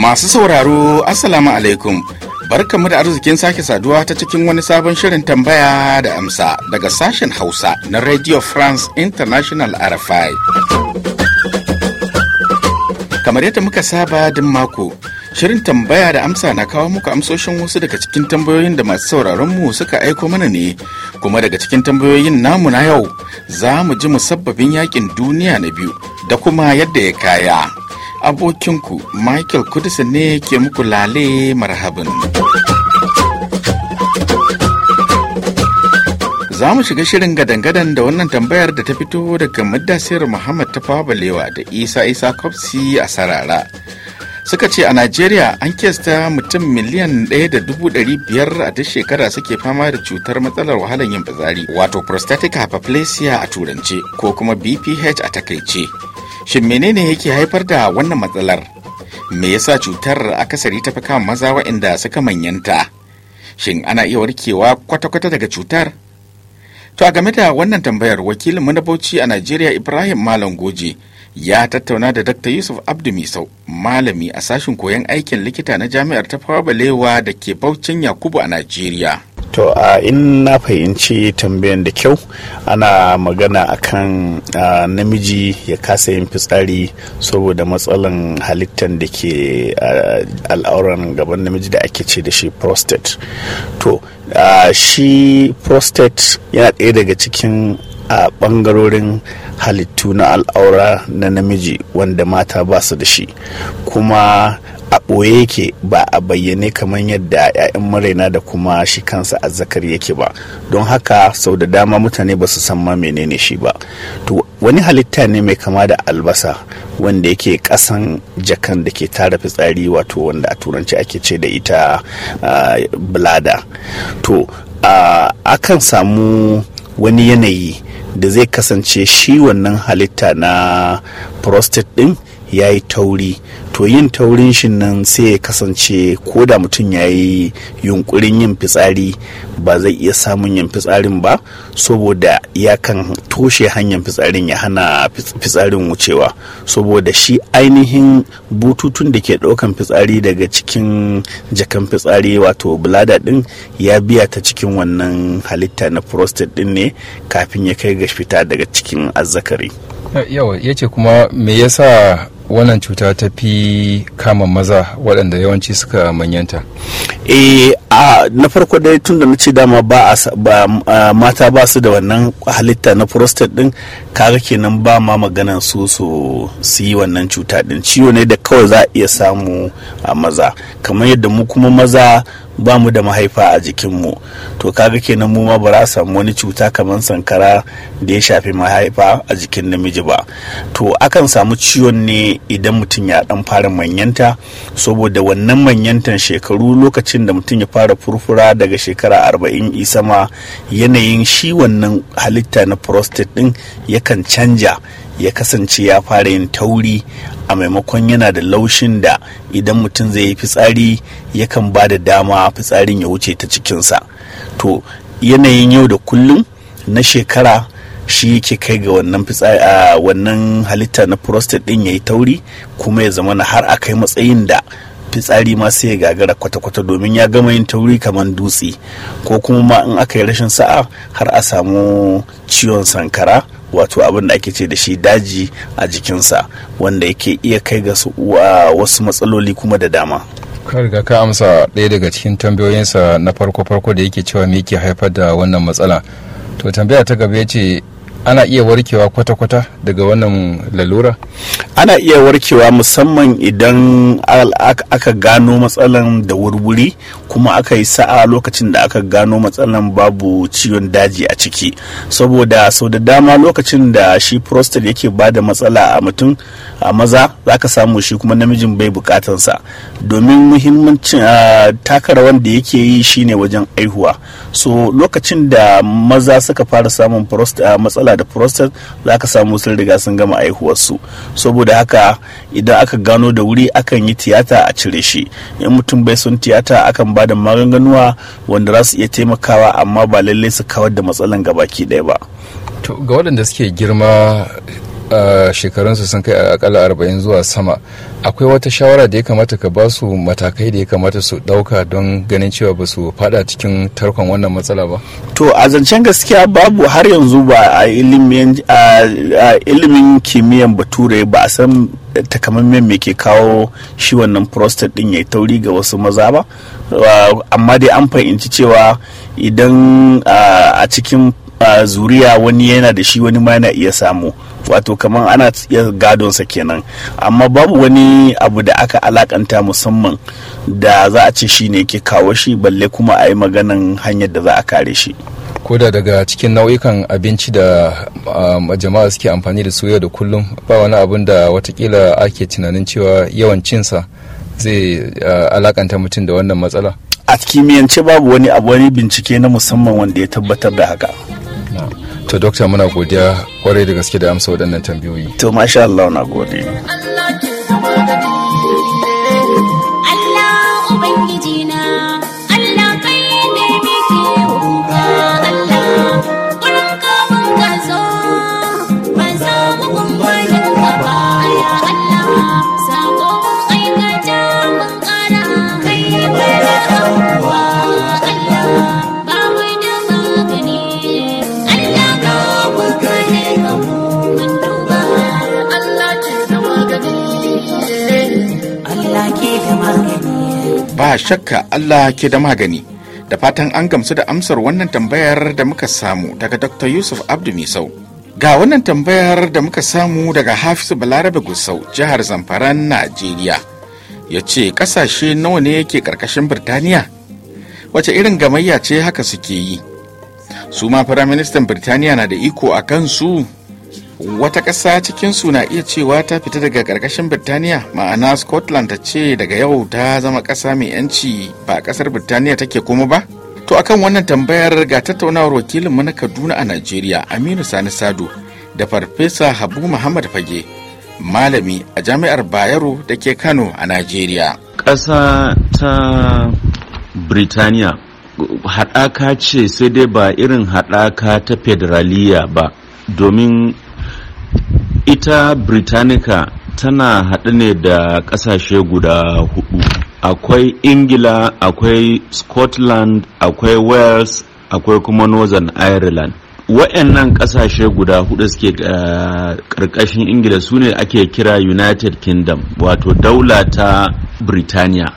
Masu sauraro, Assalamu alaikum. Barkanmu da arzikin sake saduwa ta cikin wani sabon shirin tambaya da amsa daga sashen Hausa na Radio France International RFI. Kamar yadda muka saba din mako, Shirin tambaya da amsa na kawo muku amsoshin wasu daga cikin tambayoyin da masu sauraron mu suka aiko mana ne, kuma daga cikin tambayoyin namu na yau za mu ji musabbabin yakin duniya na biyu da kuma yadda ya kaya. Abokinku Michael Kudisin ne ke muku lale marhabin. za mu shiga shirin gadan-gadan da wannan tambayar da ta fito daga madasiyar muhammad ta balewa da isa isa kofsi a sarara suka ce a najeriya an kesta mutum miliyan ɗaya da dubu ɗari biyar a duk shekara suke fama da cutar matsalar wahalar yin fitsari wato prostatic hyperplasia a turance ko kuma bph a takaice shin menene yake haifar da wannan matsalar me yasa cutar akasari ta fi kama maza waɗanda suka manyanta shin ana iya warkewa kwata-kwata daga cutar to a game da wannan tambayar wakilin mu a najeriya ibrahim malam goje ya tattauna da Dr. Yusuf Abdu Misau, malami a sashen koyon aikin likita na jami'ar ta Balewa da ke Baucin Yakubu a Najeriya. To a in na fahimci tambayan da kyau ana magana a kan namiji ya kasa yin fitsari saboda matsalan halittan da ke al'auran gaban namiji da ake ce da shi prostate. To shi prostate yana ɗaya daga cikin a ɓangarorin halittu na al'aura na namiji wanda mata ba su da shi kuma a ɓoye yake ba a bayyane kamar yadda 'ya'yan maraina da kuma shi kansa a azzakari yake ba don haka sau da dama mutane ba su san ma menene shi ba to wani halitta ne mai kama da albasa wanda yake kasan jakan da ke tara fitsari wato wanda a turanci ake ce da ita blada to akan samu wani yanayi da zai kasance shi wannan halitta na prostate din ya yi tauri to yin taurin shi nan sai ya kasance ko da mutum ya yi yunkurin yin fitsari ba zai iya samun yin fitsarin ba saboda ya kan toshe hanyar fitsarin ya hana fitsarin wucewa saboda shi ainihin bututun da ke ɗaukan fitsari daga cikin jakan fitsari wato bulada ɗin ya biya ta cikin wannan halitta na prostate ɗin ne kafin ya kai ga fita daga cikin azzakari yawa ya ce kuma me yasa wannan cuta ta fi kama maza waɗanda yawanci suka manyanta eh na farko dai tun da na ce dama ba mata ba su da wannan halitta na prostate ɗin kaga kenan ba ma maganan su su su yi wannan cuta ɗin ciwo ne da kawai za a iya samu a maza kamar yadda mu kuma maza ba mu da mahaifa a jikinmu to kaga kenan mu ma ba za samu wani cuta kamar sankara da ya shafi mahaifa a jikin namiji ba to akan samu ciwon ne idan mutum ya dan fara manyanta saboda wannan manyantan shekaru lokacin da mutum ya fara furfura daga shekara arba'in isama yanayin shi wannan halitta na prostate din yakan canja ya kasance ya fara yin tauri a maimakon yana da laushin da idan mutum zai yi fitsari yakan ba da dama fitsarin ya wuce ta cikinsa to yanayin yau da kullum na shekara shi yake kai ga wannan wannan halitta na prostate din ya yi tauri kuma ya zama na har a kai matsayin da fitsari ma sai ya gagara kwata-kwata domin ya gama yin tauri kamar dutse ko kuma ma in aka yi rashin sa'a har a samu ciwon sankara wato abin da ake ce da shi daji a jikinsa wanda yake iya kai ga wasu matsaloli kuma da dama ka riga ka amsa ɗaya daga cikin tambayoyinsa na farko-farko da yake cewa me yake haifar da wannan matsala to tambaya ta gaba ya ce ana iya warkewa kwata-kwata daga wannan lalura? ana iya warkewa musamman idan aka gano matsalan da wurwuri kuma aka yi sa'a lokacin da aka gano matsalan babu ciwon daji a ciki saboda sau da dama lokacin da shi prostate yake bada matsala a mutum a maza za ka samu shi kuma namijin bai bukatansa domin muhimmancin taka wanda da yake yi shine wajen aihuwa so lokacin da maza suka fara samun matsala da prostate za ka samu sun riga sun gama aihuwarsu saboda haka idan aka gano da wuri akan yi tiyata a cire shi in mutum bai sun tiyata akan ba da maganganuwa wanda za su iya taimakawa amma ba lallai su kawar da matsalan gaba ki ɗaya ba ga waɗanda suke girma shekarunsu sun kai akalla arba'in zuwa sama akwai wata shawara da ya kamata ka ba su matakai da ya kamata su ɗauka don ganin cewa ba su fada cikin tarkon wannan matsala ba to a zancen gaskiya babu har yanzu ba a ilimin kimiyyan bature ba a san takamaiman me ke kawo shi wannan prostate din ya yi tauri ga wasu maza ba amma dai an fahimci cewa idan a cikin zuriya wani yana da shi wani ma yana iya samu wato kamar ana iya gadonsa kenan amma babu wani abu da aka alakanta musamman da za a ce shi ne ke kawo shi balle kuma a yi maganan hanyar da za a kare shi ko da daga cikin nau'ikan abinci da um, jama'a suke amfani da su yau da kullum ba wani abin da watakila ake tunanin cewa yawan cinsa zai uh, alakanta mutum da wannan matsala a kimiyyance babu wani abu wani bincike na musamman wanda ya tabbatar da haka to dokta muna godiya kwarai da gaske da amsa waɗannan tambayoyi to masha Allah na gode Allah ubangiji ba shakka Allah ke da magani da fatan an gamsu da amsar wannan tambayar da muka samu daga Dr. Yusuf Abdu Misau. Ga wannan tambayar da muka samu daga Hafizu Balarabe Gusau, jihar Zamfaran, Najeriya. Ya ce ƙasashe nawa ne yake ƙarƙashin Birtaniya? Wace irin gamayya ce haka suke yi? Su ma Firaministan Birtaniya na da iko a kansu? wata ƙasa cikin su na iya cewa ta fita daga ƙarƙashin birtaniya ma'ana scotland ta ce daga yau ta zama ƙasa mai yanci ba ƙasar birtaniya take kuma ba to akan wannan tambayar ga tattaunawar wakilin mu na kaduna a nigeria aminu sani sadu da farfesa habu muhammad fage malami a jami'ar bayero da ke kano a nigeria. ƙasa ta birtaniya haɗaka ce sai dai ba irin haɗaka ta federaliya ba domin ita britannica tana haɗe ne da ƙasashe guda hudu akwai ingila akwai scotland akwai wales akwai kuma northern ireland wa'annan ƙasashe guda hudu suke eh, ƙarƙashin ingila su ne ake kira united kingdom wato daula ta britannia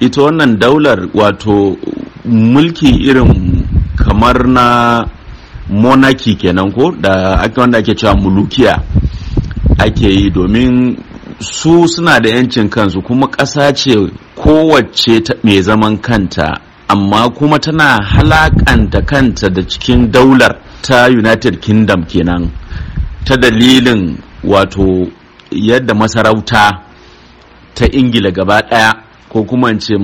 ita wannan daular wato mulki irin kamar na monarchy kenan ko da ake wanda ake cewa mulukiya ake yi domin su suna da 'yancin kansu kuma ƙasa ce kowace mai zaman kanta amma kuma tana halakanta kanta da cikin daular ta united kingdom kenan ta dalilin wato yadda masarauta ta ingila gaba ɗaya ko kuma ce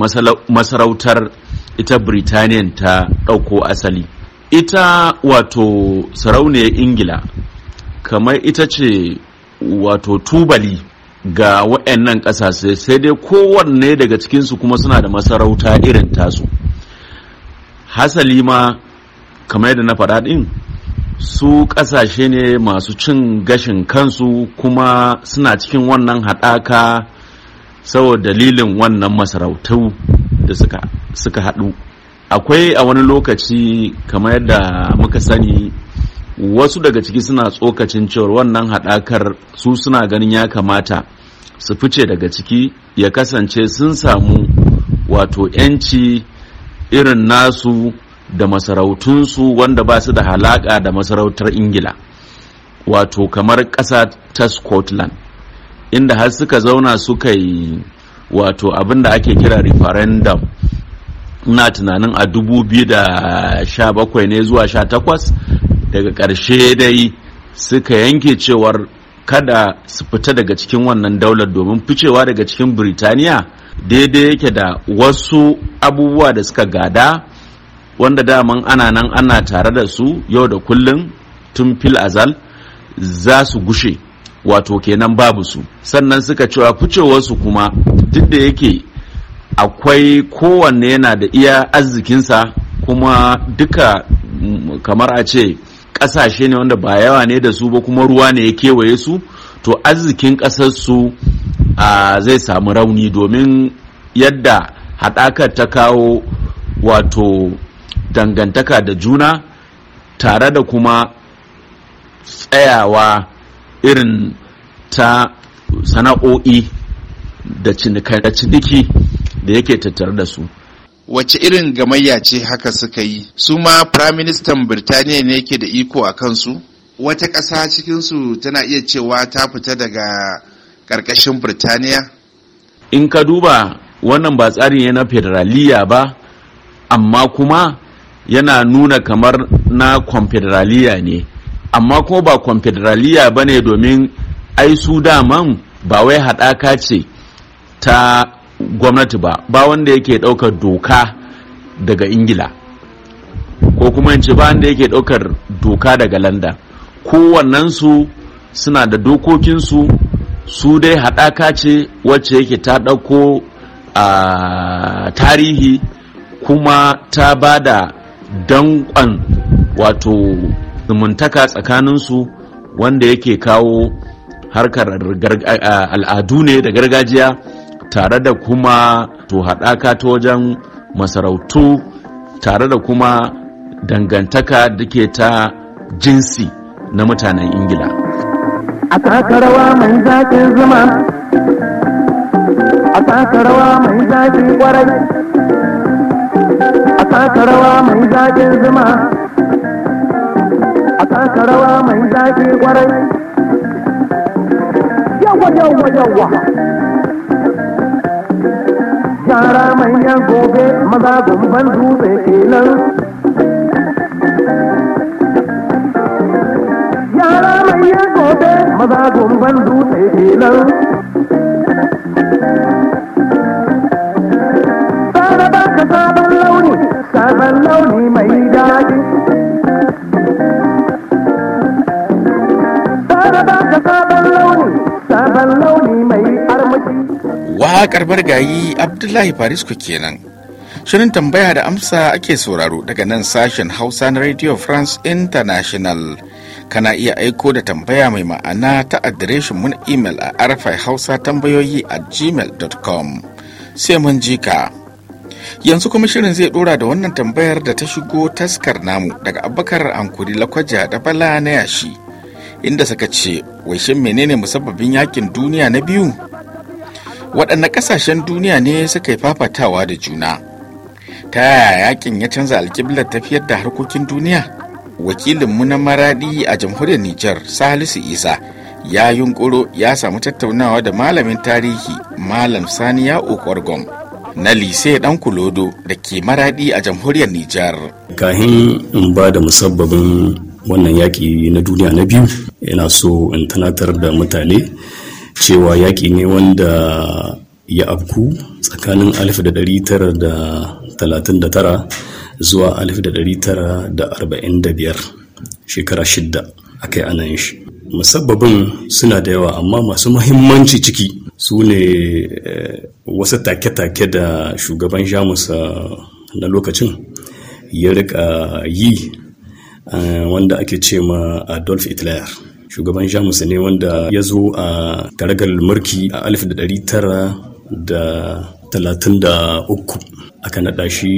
masarautar ita birtaniyan ta ɗauko asali ita wato sarauniyar ingila kamar ita ce wato tubali ga waɗannan ƙasashe sai dai kowanne daga cikinsu kuma suna da masarauta irin tasu hasali ma kamar yadda na faɗa ɗin su ƙasashe ne masu cin gashin kansu kuma suna cikin wannan haɗaka saboda dalilin wannan masarautu da suka haɗu akwai a wani lokaci kamar yadda muka sani wasu daga ciki suna tsokacin cewar wannan haɗakar su suna ganin ya kamata su fice daga ciki ya kasance sun samu wato 'yanci irin nasu da masarautunsu wanda ba su da halaƙa da masarautar ingila wato kamar ƙasa ta scotland inda har suka zauna suka yi wato abin da ake kira referendum na tunanin a 2017 ne zuwa 18 daga ƙarshe dai suka yanke cewar kada su fita daga cikin wannan daular domin ficewa daga cikin birtaniya daidai yake da wasu abubuwa da suka gada wanda daman ana nan ana tare da su yau da kullum tun fil azal za su gushe wato kenan babu su sannan suka cewa ficewarsu kuma duk da yake akwai kowanne yana da iya arzikinsa kuma duka kamar a ce ƙasashe ne wanda ba yawa ne da su ba kuma ruwa ne ya kewaye su to arzikin ƙasarsu zai samu rauni domin yadda haɗakar ta kawo wato dangantaka da juna tare da kuma tsayawa irin ta sana'o'i da ciniki da yake tattare da su wace irin gamayya ce haka suka yi su ma firaministan birtaniya ne ke da iko a kansu wata ƙasa cikinsu tana iya cewa ta fita daga ƙarƙashin birtaniya in ka duba wannan ba tsarin yana federaliya ba amma kuma yana nuna kamar na confederaliya ne amma kuma ba confederaliya ba ne domin ai su daman ba wai haɗaka ce ta gwamnati ba ba wanda yake ɗaukar doka daga ingila ko kuma yance ba wanda yake ɗaukar doka daga london kowannensu suna da dokokinsu su dai haɗaka ce wacce yake ta ɗauko a tarihi kuma ta ba da danƙon wato zumuntaka tsakaninsu wanda yake kawo harkar al'adu ne da gargajiya tare da kuma to haɗaka ta wajen masarautu tare da kuma dangantaka da ke ta jinsi na mutanen ingila a takarawa mai zaƙin zuma a takarawa mai zaƙin kwarai a takarawa mai zaƙin zuma a takarawa mai zaƙin kwarai yawa yawa yawa yara manyan gobe maza gumban dube kenan yara manyan gobe maza gumban dube kenan sana baka sabon launi sabon launi mai Waƙar bargayi Abdullahi Farisku kenan. Shirin tambaya da amsa ake sauraro daga nan sashen Hausa na Radio France International. Kana iya aiko da tambaya mai ma'ana ta adireshin mun imel a arfai hausa tambayoyi a gmail.com. Sai mun ka. Yanzu kuma shirin zai dora da wannan tambayar da ta shigo taskar namu daga abakar ankuri lakwaja da bala na yashi. Inda suka ce, wai menene musabbabin yakin duniya na biyu? waɗanne ƙasashen duniya ne suka yi fafatawa da juna ta yaya yakin ya canza alƙiblar tafiyar da harkokin duniya wakilinmu na maraɗi a jamhuriyar nijar salisu isa ya yunkuro ya samu tattaunawa da malamin tarihi malam saniya okwargom na lise dan kulodo da ke maraɗi a jamhuriyar nijar kahin in ba da musabbabin wannan yaƙi na duniya na biyu yana so in tunatar da mutane cewa yaƙi ne wanda ya afku tsakanin 1939 zuwa 1945 shekara shidda aka yi ana yin shi musabbabin suna da yawa amma masu mahimmanci ciki su ne eh, wasu take-take da shugaban jamus eh, na lokacin ya rika yi eh, wanda ake ce ma adolf hitler shugaban jamus ne wanda ya zo a taragar mulki a da da da tara talatin 1933 aka naɗa shi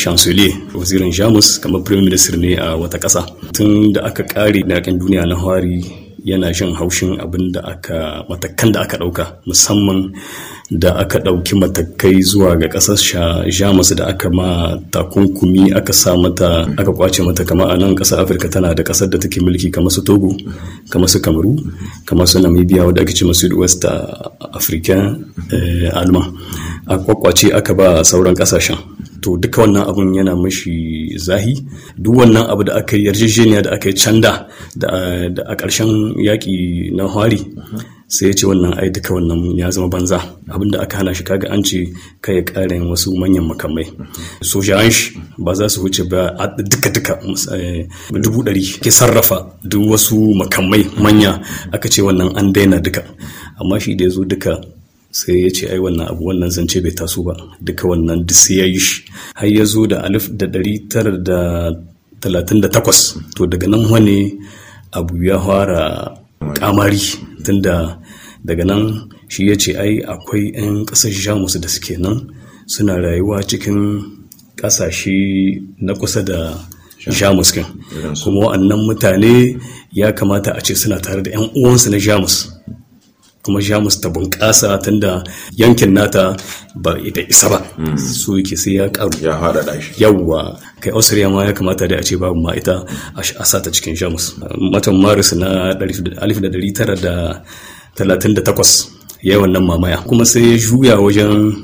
chancelier wazirin jamus kamar prime minister ne a wata ƙasa tun da aka ƙare na duniya na hawari yana shan haushin abin da aka matakan da aka ɗauka musamman da aka ɗauki matakai zuwa ga ƙasar jamus da aka ma takunkumi aka sa mata aka kwace mata kama a nan ƙasar afirka tana da ƙasar da take mulki kamar su togo kamar su kamaru kamar su namibia wadda ake ce masu west african eh, alma a kwakwace aka ba sauran ƙasashen to duka wannan abun yana mashi zahi duk wannan abu da aka yi yarjejeniya da aka yi canda da a ƙarshen yaƙi na hari sai ya ce wannan ai duka wannan ya zama banza abinda aka hana shi kaga an ce kai karin wasu manyan makamai sojan shi ba za su wuce ba duka duka eh, dubu dari ke sarrafa duk wasu makamai manya aka ce wannan an daina duka amma shi da ya zo duka sai ya ce ai wannan abu wannan zance bai taso ba duka wannan duk ya yi shi har ya zo da alif da ɗari tara da talatin da takwas to daga nan wani abu ya fara kamari tunda daga nan shi ya ce ai akwai 'yan ƙasar jamus da suke nan suna rayuwa cikin ƙasashe na kusa da jamus kan kuma wa'annan mutane ya kamata a ce suna tare da 'yan uwansu na jamus kuma jamus ta bunƙasa tunda yankin nata ba ita isa ba hmm. su yake sai ya karu ya haɗa shi yawwa kai austria ma ya kamata da a ce babu ma ita a sa ta cikin jamus matan maris na 1938 yi wannan mamaya kuma sai ya juya wajen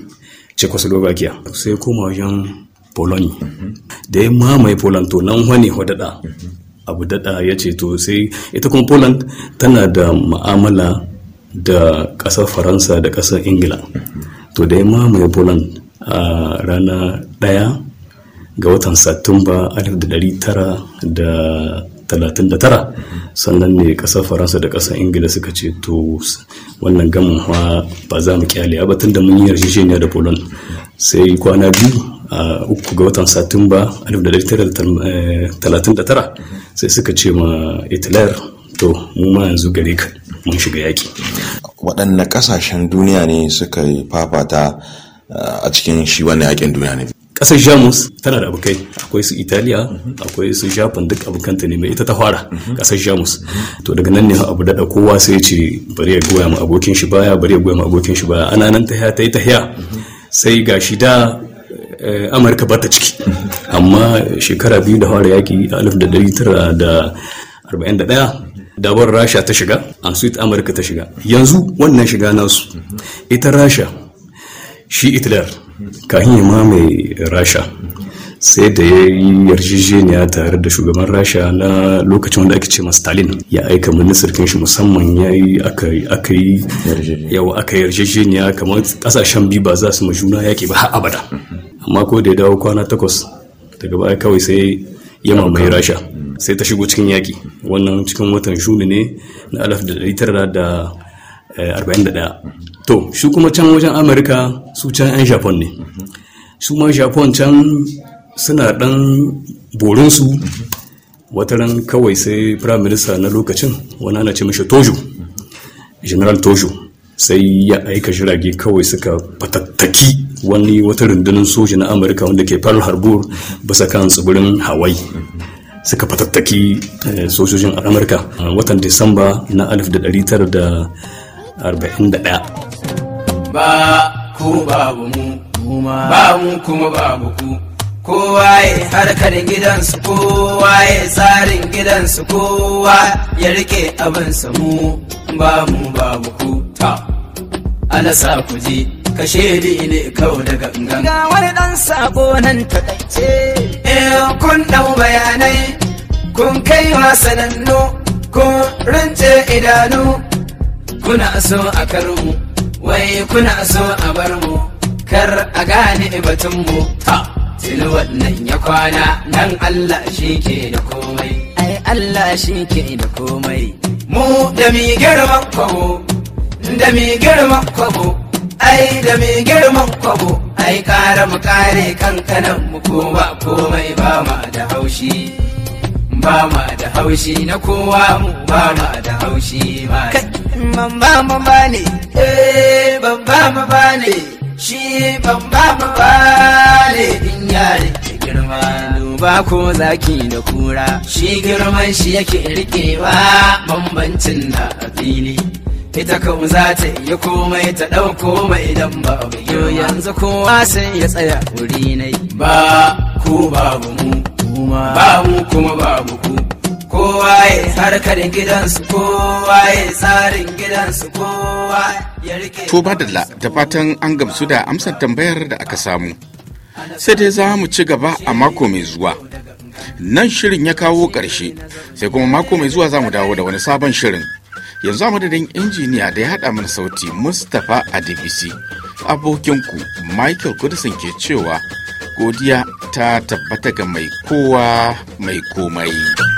czechoslovakia sai koma wajen Poloni. Mm-hmm. da ya mamaye poland to nan wani wadada mm-hmm. abu dada ya ce to sai ita kuma poland tana da ma'amala da ƙasar faransa da ƙasar ingila to dai ma mamaye bolan a rana ɗaya ga watan satumba 1939 sannan ne ƙasar faransa da ƙasar ingila suka ce to wannan gamin hawa ba za mu kyale ba tun da mun yi yarjejeniya da bolon sai kwana biyu a uku ga watan satumba 1939 eh, sai suka ce ma itilayar to mu ma yanzu gare ka mun shiga yaƙi. waɗanne ƙasashen duniya ne suka yi fafata eh, a cikin shi wannan yaƙin duniya ne ƙasar jamus tana da abokai akwai su italiya akwai su japan duk abokanta ne mai ita ta fara ƙasar jamus to daga nan ne abu daɗa kowa sai ce bari ya goya mu abokin shi baya bari ya goya mu abokin shi baya ana nan ta ta yi ta sai ga shi da eh, amurka ba ta ciki amma shekara biyu da fara yaƙi a 1941 dabar rasha ta shiga ansuit amurka ta shiga yanzu wannan shiga nasu ita rasha shi hitler kahin ma mai rasha sai da ya yi yarjejeniya tare da shugaban rasha na lokacin wanda ake ce ma stalin ya aika ministirkin shi musamman ya yi aka yi yawa aka yarjejeniya kamar kasashen biyu ba za su ma juna yaki ba har abada amma ko da ya dawo kwana takwas daga baya kawai sai ya mamaye rasha sai ta shigo cikin yaƙi wannan cikin watan shuni ne na 1941 eh, to shi kuma can wajen amurka su can 'yan japan ne su ma japan can suna ɗan borinsu wataran kawai sai prime minister na lokacin wani ana ce mashi tojo general tojo sai ya aika jirage kawai suka fatattaki wani wata rundunar soja na amurka wanda ke pearl harbor bisa kan tsibirin hawaii suka fatattaki eh, sojojin amurka watan disamba na 1941 ba ku babu mu ba mu kuma babu ku kowa ya harkar gidansu kowa ya tsarin gidansu kowa ya rike abin samu ba mu babu ku na sa ku ji ka shedi ne kau da gangan ga wani dan sako nan ta dace eh kun dau bayanai kun kai wasanannu kun rince idanu kuna so a karmu wai kuna so a bar mu kar a gane batun mu tuni wannan ya kwana nan Allah shi ke da komai ai Allah shi ke da komai mu da mi girman kawo da mai girman kwabo ai da mai girman kwabo ai kare mu kare kankanan mu kowa komai ba ma da haushi ba ma da haushi na kowa mu ba ma da haushi ma kan ba ma ba ne eh ban ba ma ba ne shi ban ba ma ba ne in yare girma duba ko zaki da kura shi girman shi yake rikewa bambancin da a fili ita kau za ta yi komai ta ɗauko mai idan ba yau yanzu kowa sai ya tsaya wuri nai ba ku babu mu kuma ba mu kuma babu ku kowa ya harkar gidansu kowa ya tsarin gidansu kowa ya rike to badalla da fatan an gamsu da amsar tambayar da aka samu sai dai za mu ci gaba a mako mai zuwa nan shirin ya kawo ƙarshe sai kuma mako mai zuwa za mu dawo da wani sabon shirin yanzu a madadin injiniya da ya haɗa mana sauti mustapha adebisi abokinku michael kudisin ke cewa godiya ta tabbata ga mai kowa mai komai.